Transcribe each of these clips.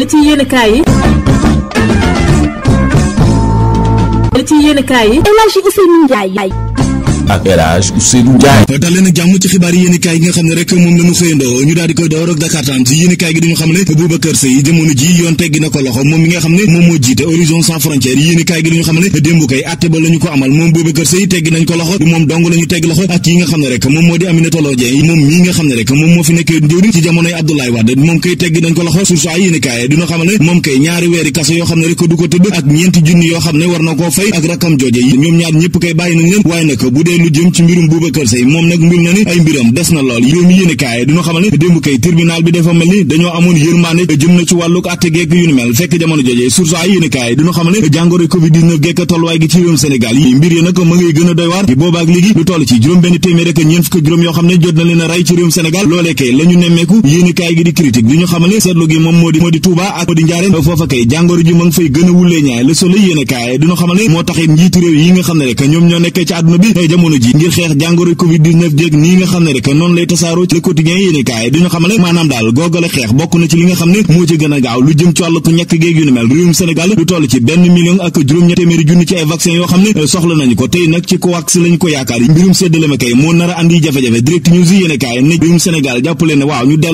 li ci yenn kaay yi. li ci yenn kaay yi. El Hadji ak El Hadj Ousseynou Ndiaye yi yéenekaay yi nga xam moom kay teggi nañ ko loxo du yi nga xam ne rek ne moom kay ñaari weeri kaso yoo xam ne rek du ko tëdd ak ñeenti junni yoo xam ne war na koo fay ak rakam jooje yi ñoom ñaar ñëpp kay bàyyi nañ leen waaye nag bu dee lu jëm ci mbirum Boubacar moom nag mbir na ni ay mbiram des na lool yow mi yéene kaay kay tribunal bi dafa mel ni dañoo amoon yërmande jëm na ci wàlluk atte geek yu ni mel fekk jamono jojee source ay yéene kaay duñu xamal ne jàngoro yi a ci juróom moom moo di moo ak moo di Njaare foofa kay jàngoro ji ma ngi fay gën a ñaay Le Soleil yéene kaay duñu xamal ne moo taxit njiitu réew yi nga xam ne rek ñoom ñoo nekkee ci àdduna bi jamono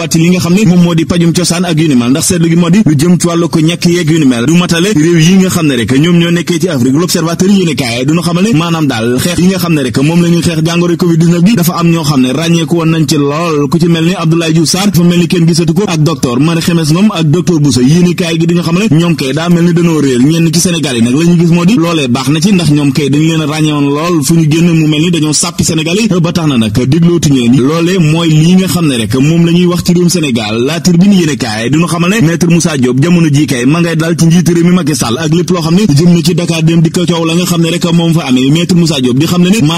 eh, moom moo di pajum cosaan ak yu ni mel ndax seetlu gi moo di lu jëm ci ko ñàkk yeeg yu ni mel du matale réew yi nga xam ne rek ñoom ñoo nekkee ci Afrique l'observateur yéene kaay duñu xamale maanaam daal xeex yi nga xam ne rek moom la ñuy xeex jàngoro covid 19 bi dafa am ñoo xam ne ràññeeku nañ ci lool ku ci mel ni Abdoulaye Diouf Sarr dafa mel ni kenn gisatu ko ak docteur Marie Khemesse Ngom ak docteur Bousso yéen gi dañu xam ne ñoom kay dañu leen ràññewoon lool fu ñu génn mu mel ni dañoo sàppi Sénégal ba tax na nag déglootuñu leen loolee mooy lii nga xam ne rek moom la wax ci réewum Sénégal la Tribune yéen i kaay duñu xamal ne maître Moussa Diop jamono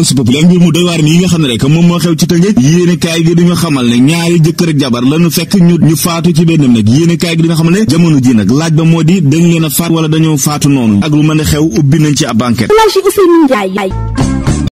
vox populi mbir mu doy waar nii nga xam ne rek moom moo xew ci tëngëj yéene kaay gi duñu xamal ne ñaari jëkkër ak jabar lañu fekk ñu ñu faatu ci benn nag yéene kaay gi duñu xamal ne jamono ji nag laaj ba moo di dañ leen a faat wala dañoo faatu noonu ak lu mën a xew ubbi nañ ci ab